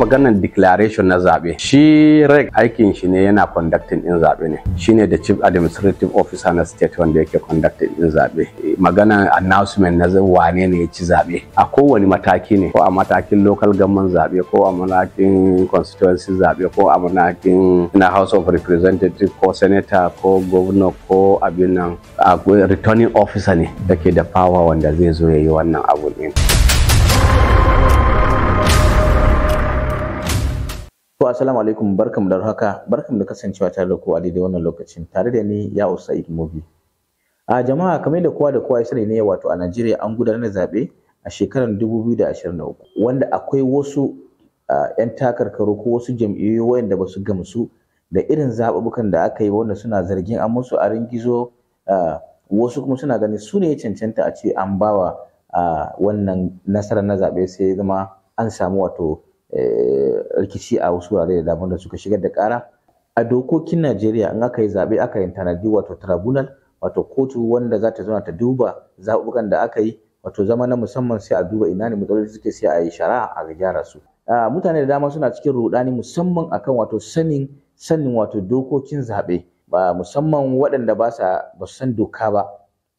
maganar declaration na zaɓe shi reg aikin shi ne yana conducting din zaɓe ne shine da chief administrative officer na state wanda yake conducting din zaɓe maganar announcement na wane ne ya ci zaɓe a kowane mataki ne ko a matakin local government zaɓe ko a matakin constituency zaɓe ko a matakin na house of representative ko senator ko governor ko abin nan a returning officer ne da ke da power wanda zai zo ya yi wannan abu ne. To assalamu alaikum barkamu da haka barkamu da kasancewa tare da ku a daidai wannan lokacin tare da ni ya Usaid Mobi. A jama'a kamar da kowa da kowa ya sani ne wato a Najeriya an gudanar da zaɓe a shekarar 2023 wanda akwai wasu ‘yan takarkaru ko wasu jam'iyyu wayanda ba su gamsu da irin zaɓuɓɓukan da aka yi wanda suna zargin an musu a ringizo wasu kuma suna ganin su ne ya cancanta a ce an bawa wannan nasarar na zaɓe sai ya zama an samu wato Eh, rikici a wasu wurare da dama da suka shigar da kara a dokokin Najeriya in aka yi zaɓe aka yi tanadi wato tribunal wato kotu wanda za ta zauna ta duba zaɓuɓɓukan da aka yi wato zama na musamman sai a duba ina ne matsaloli suke sai a yi shari'a a gyara su mutane da dama suna cikin rudani musamman akan wato sanin sanin wato dokokin zaɓe ba musamman waɗanda ba sa ba san doka ba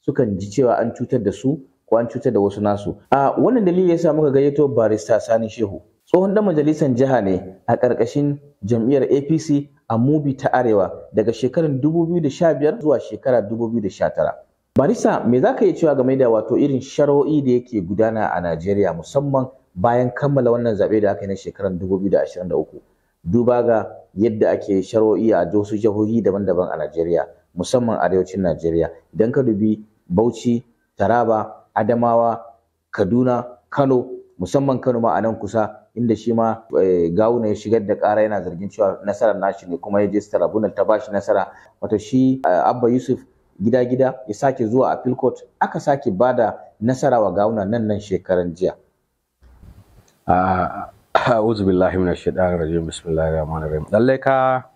sukan ji cewa an cutar da su ko an cutar da wasu nasu a wannan dalili yasa muka gayyato barista Sani Shehu tsohon ɗan majalisar jiha ne a ƙarƙashin jam'iyyar apc a mubi ta arewa daga shekarar 2015 zuwa shekarar 2019 Marisa, me za ka iya cewa game da wato irin sharo'i da yake gudana a najeriya musamman bayan kammala wannan zaɓe da aka yi na shekarar 2023 duba ga yadda ake shar'o'i a wasu jihohi daban-daban a najeriya musamman arewacin najeriya idan ka dubi bauchi taraba adamawa kaduna kano musamman kano ma a nan kusa inda shi ma eh, gawuna ya shigar da ƙara yana zargin cewa nasarar nashi ne kuma ya je tribunal ta bashi nasara wato shi eh, abba yusuf gida-gida ya sake zuwa a court aka sake ba da nasara wa gawuna nan nan shekaran jiya ah, ah, a'udhu billahi minash shaitanir rajim bismillahir rahmanir rahim lalle ka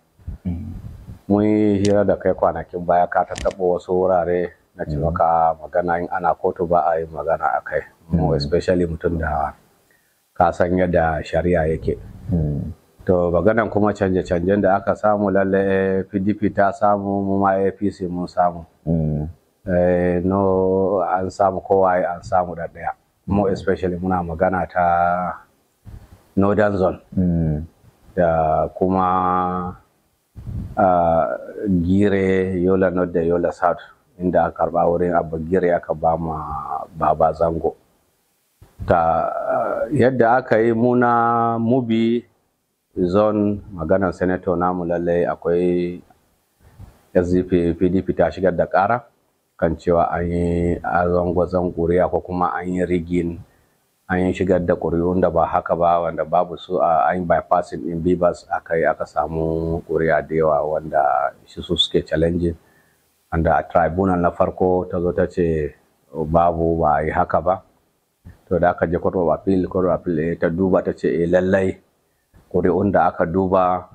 mun hira da kai kwanakin baya ka taɓa wasu wurare na cewa ka magana in ana kotu ba a yi magana a kai mm. especially mutum da ka san yadda shari'a yake to maganan kuma canje-canjen da aka samu lalle pdp eh, ta samu mu ma apc mun samu eh, no an samu kowa an samu da ɗaya mu especially muna magana ta northern zone da kuma ah, gire yola north da yola south inda aka karba wurin abu gire aka ba ma baba zango ta eh, yadda aka yi muna mubi zon maganar senator namu lallai akwai sdp pdp ta shigar da ƙara kan cewa an yi azangwazon kuri'a ko kuma an yi rigin an yi shigar da ƙuri'un da ba haka ba wanda babu su a an bypassing in bibas aka yi aka samu ƙuri'a da yawa wanda shi su suke challenge wanda a tribunal na farko ta zo ta ce babu ba yi haka ba to da aka je court of appeal court of appeal eh, ta duba ta ce eh lallai ƙuri'un da aka duba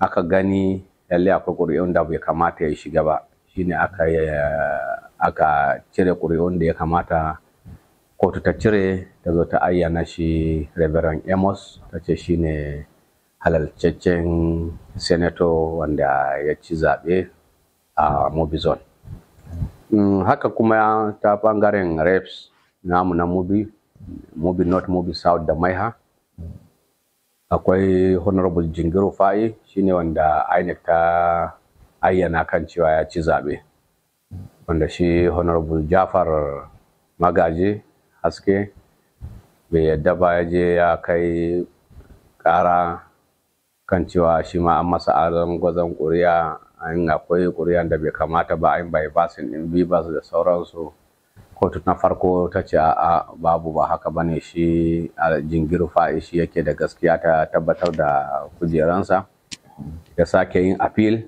aka gani lalle akwai ƙuri'un da bai kamata ya shiga ba shine aka eh, aka cire ƙuri'un da ya kamata kotu ta cire ta zo ta ayyana shi reverend amos ta ce shine halalcaccen senator wanda ya ci zaɓe a mobizon mm, haka kuma ta ɓangaren reps namu na mobi mubi north mobi south da maiha akwai honorable jingiro faye shine wanda inec ta ayyana kan cewa ya ci zaɓe wanda shi honorable jafar magaji haske bai yadda ba ya je ya kai ƙara kan cewa shi ma an masa aron gwazon ƙuri'a an akwai ƙuri'an da bai kamata ba an bai basin in bibas da sauransu kotu na farko ta ce a'a babu ba haka bane shi a jingir fa'i shi yake da gaskiya ta tabbatar da kujeransa ya sake yin appeal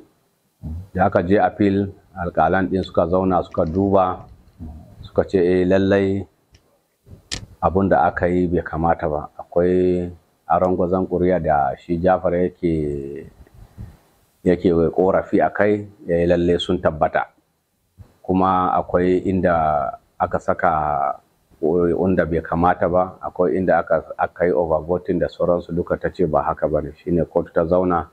da aka je appeal alƙalan ɗin suka zauna suka duba suka ce eh lallai abun da aka yi bai kamata ba akwai aron gwazon ƙuri'a da shi jafar yake yake korafi a kai ya eh, yi lalle sun tabbata kuma akwai inda aka saka wanda bai kamata ba akwai inda aka, yi overvoting da sauransu duka ta ce ba haka ba ne shine kotu ta zauna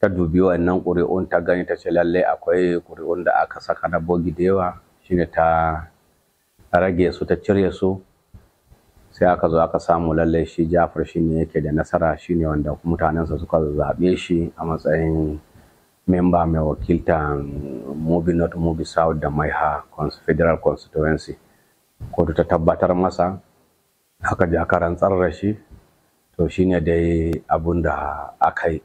ta dubi wannan ƙuri'un ta gani ta ce lallai akwai ƙuri'un da aka saka na bogi da yawa shine ta rage su ta cire su sai aka zo aka samu lallai shi jafar shine yake da nasara shine wanda mutanensa suka zaɓe shi a matsayin memba mai wakilta um, mobi not mobi South da Maiha Federal Constituency. ko ta tabbatar masa haka ji aka rantsar da shi to shine dai abun da aka yi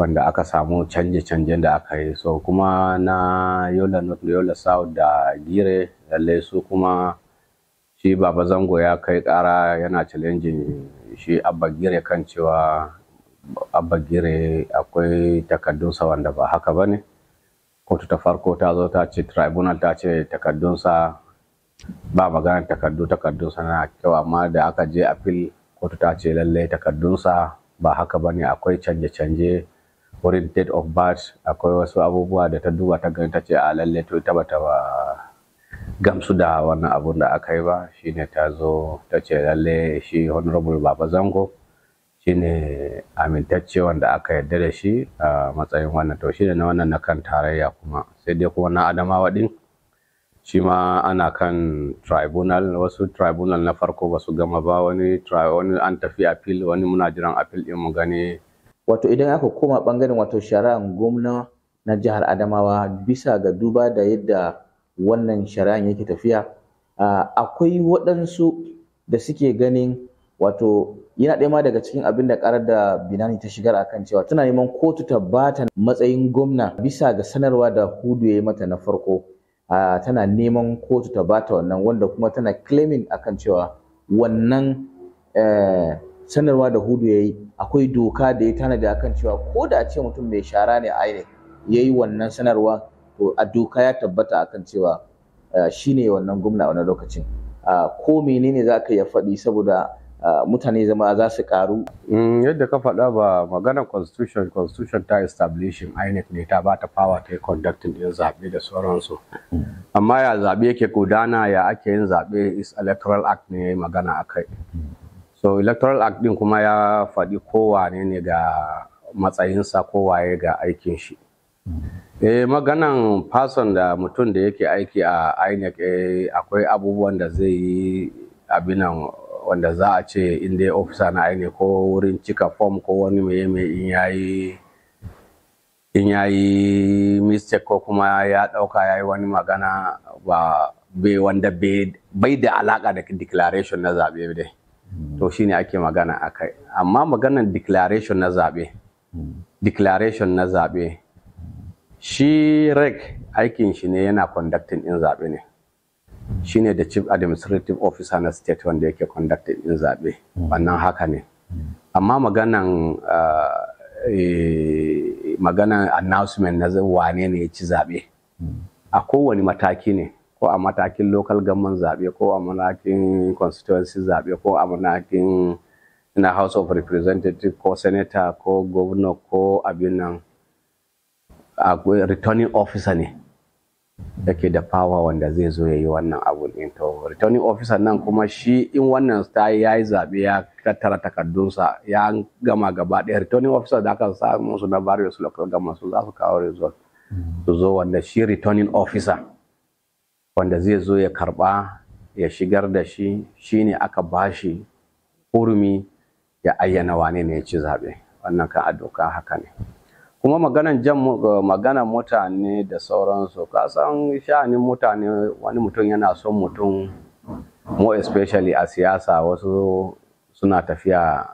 wanda aka samu canje canje da aka yi so kuma na Yola not Yola South da Gire lallai su kuma shi Baba Zango ya kai kara yana challenging shi Abba Gire kan cewa bagire akwai takaddunsa wanda ba haka ba ne kotu ta farko ta zo ta ce tribunal ta ce takaddunsa ba maganar takaddu takaddunsa na kyau amma da aka je appeal kotu ta ce lallai takaddunsa ba haka bane akwai canje-canje wurin date of birth akwai wasu abubuwa da ta duba ta gani ta ce a lalle? to ita bata ba gamsu da wannan abun da aka yi ba shine ta zo ta ce lalle? shi honorable baba zango shine amintacce da aka yarda da shi a matsayin wannan to shine na wannan na kan tarayya kuma sai dai kuma na adamawa din shi ma ana kan tribunal wasu tribunal na farko ba su gama ba wani wani an tafi appeal wani muna jiran appeal din mu gani wato idan aka koma bangaren wato shari'an gwamna na jihar Adamawa bisa ga duba da yadda wannan shari'an yake tafiya akwai waɗansu da suke ganin wato yana ɗaya ma daga cikin abin da ƙarar da binani ta shigar a kan cewa tana neman kotu ta bata matsayin gwamna bisa ga sanarwa da hudu ya yi mata na farko tana neman kotu ta bata wannan wanda kuma tana claiming a kan cewa wannan eh, sanarwa da hudu ya yi akwai doka da ya tanada kan cewa ko da a ce mutum mai shara ne a ya yi wannan sanarwa to a doka ya tabbata a kan cewa eh, shi ne wannan gwamna a wani lokacin ko menene za ka ya faɗi saboda mutane zama za su karu. Mm, yadda ka faɗa ba maganar constitution constitution ta establishin inec ne ta bata ta power ta yi conducting din zaɓe da sauransu amma ya zaɓe yake gudana ya ake yin zaɓe is electoral act ne magana a kai so electoral act din kuma ya faɗi kowane ne ga matsayinsa kowaye ga aikin shi eh maganan fason da mutum da yake aiki a inec eh, akwai abubuwan da zai yi abinan wanda za a ce in dai ofisa na aini ko wurin cika fom ko wani mai mai in yayi in yayi mistake ko kuma ya dauka yayi wani magana ba bai wanda bai da alaka da declaration na zabe dai to shine ake magana akai amma maganan declaration na zabe declaration na zabe shi rec aikin shi ne yana conducting ɗin zabe ne shine da chief administrative officer na state wanda yake conducting din zabe. wannan haka ne amma maganan eh, eh, maganan announcement na wane ne ya ci zabe. a kowane mataki ne ko a matakin local government zabe ko a matakin constituency zabe, ko a matakin na house of representative ko senator ko governor ko abin nan returning officer ne da ke da fawa wanda zai zo ya yi wannan abu din to returning officer nan kuma shi in wannan ta ya yi zaɓe ya tattara takardunsa ya gama gaba ɗaya returning officer da aka samu su na various local gama su za su kawo result mm. su zo wanda shi returning officer wanda zai zo ya karɓa ya shigar da shi shi ne aka ba shi hurumi ya ayyana wane ne ya ci zaɓe wannan kan a doka haka ne. kuma maganan jan eh, maganan mutane da sauransu kasan sha'anin mutane wani mutum yana son mutum more especially a siyasa wasu suna tafiya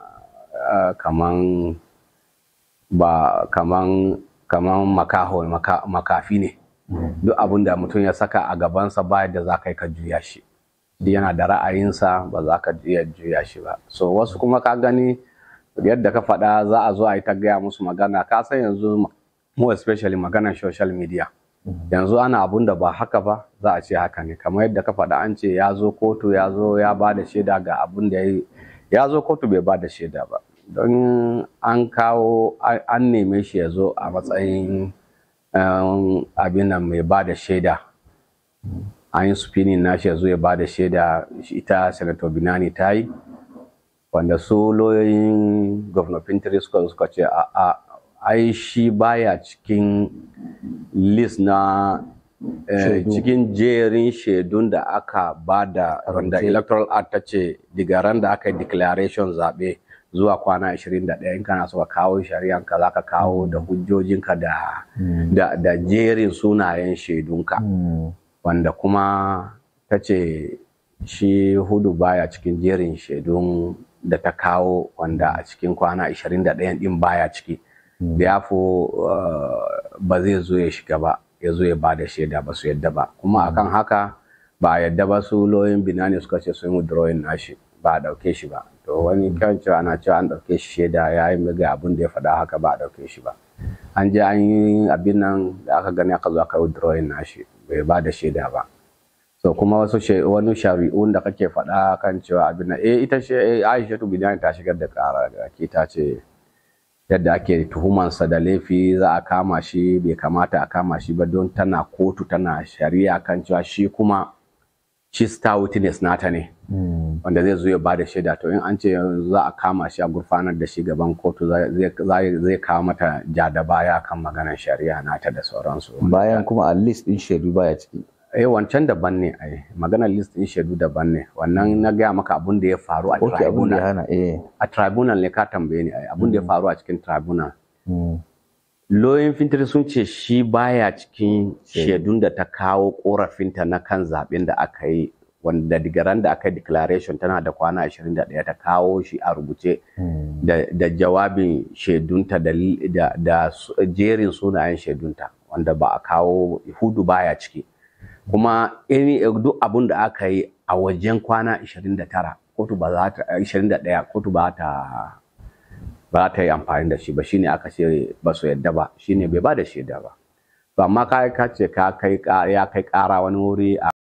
eh, kaman ba kaman kaman makaho makafi ne duk abin da mutum ya saka a gabansa ba da za ka ka juya shi yana da ra'ayinsa ba za ka juya shi ba so wasu kuma ka gani yadda ka faɗa za a zo a yi ta gaya musu magana ka san yanzu mu especially maganar social media mm-hmm. yanzu ana abun da ba haka ba za a ce haka ne kamar yadda ka faɗa an ce ya zo kotu ya zo ya ba da shaida ga abun da ya yi ya zo kotu bai ba da shaida ba don an kawo an neme shi ya zo a matsayin um, abin nan mai ba da shaida mm-hmm. an yi spinning nashi ya zo ya ba da shaida ita senator binani ta yi wanda su loyoyin governor pinterest suka ce a ai shi baya cikin list na eh, cikin jerin shaidun da aka ba da electoral act ta ce daga ran da aka yi declaration zaɓe zuwa kwana 21 in kana so ka kawo shari'anka ka ka kawo da mm. hujjojinka da, mm. da, da jerin sunayen shaidunka mm. wanda kuma ta ce shi hudu baya cikin jerin shaidun da ta kawo wanda a cikin kwana 21 din baya ciki biyafo hmm. uh, ba zai zo ya shiga ba ya zo ya ba da shaida ba su yadda ba kuma akan hmm. haka ba a yadda ba su loyin binani suka ce sun yi drawing nashi ba a ɗauke shi ba to wani hmm. kan cewa ana cewa an ɗauke shi shaida ya yi miga abin da ya faɗa haka ba a ɗauke shi ba an je an yi abin nan da aka gani aka zo aka yi drawing nashi bai ba da shaida ba da kuma wasu wani shari'un da kake faɗa kan cewa abin nan eh ita ce eh, Aisha bidan ta shigar da ƙara ga ta ce yadda ake tuhuman sa da laifi za a kama shi bai kamata a kama shi ba don tana kotu tana shari'a kan cewa shi kuma shi star witness nata ne hmm. wanda zai zo ya bada shaida to in an ce za a kama shi a gurfanar da shi gaban kotu zai kawo mata ja da baya kan maganar shari'a nata da sauransu bayan kuma a least din shaidu baya ciki eh wancan daban ne ai maganar list din shaidu daban ne wannan na gaya maka abun da ya faru a tribunal eh. a tribunal ne ka tambaye ni abun da ya mm. faru a cikin tribunal mm. loyin fintar sun ce shi baya cikin shaidun da ta kawo korafinta na kan zaben da aka yi wanda digaran da aka yi declaration tana da kwana 21 ta kawo shi a rubuce mm. da jawabin ta da jerin sunayen shaidunta wanda ba a kawo hudu baya ciki kuma duk abun da aka yi a wajen kwana 29 kotu ba za ta 21 kotu ba ta ba ta yi amfani da shi ba shine aka ce ba su yadda ba shine bai ba da shaida ba to amma ka ce ka kai ya kai kara wani wuri a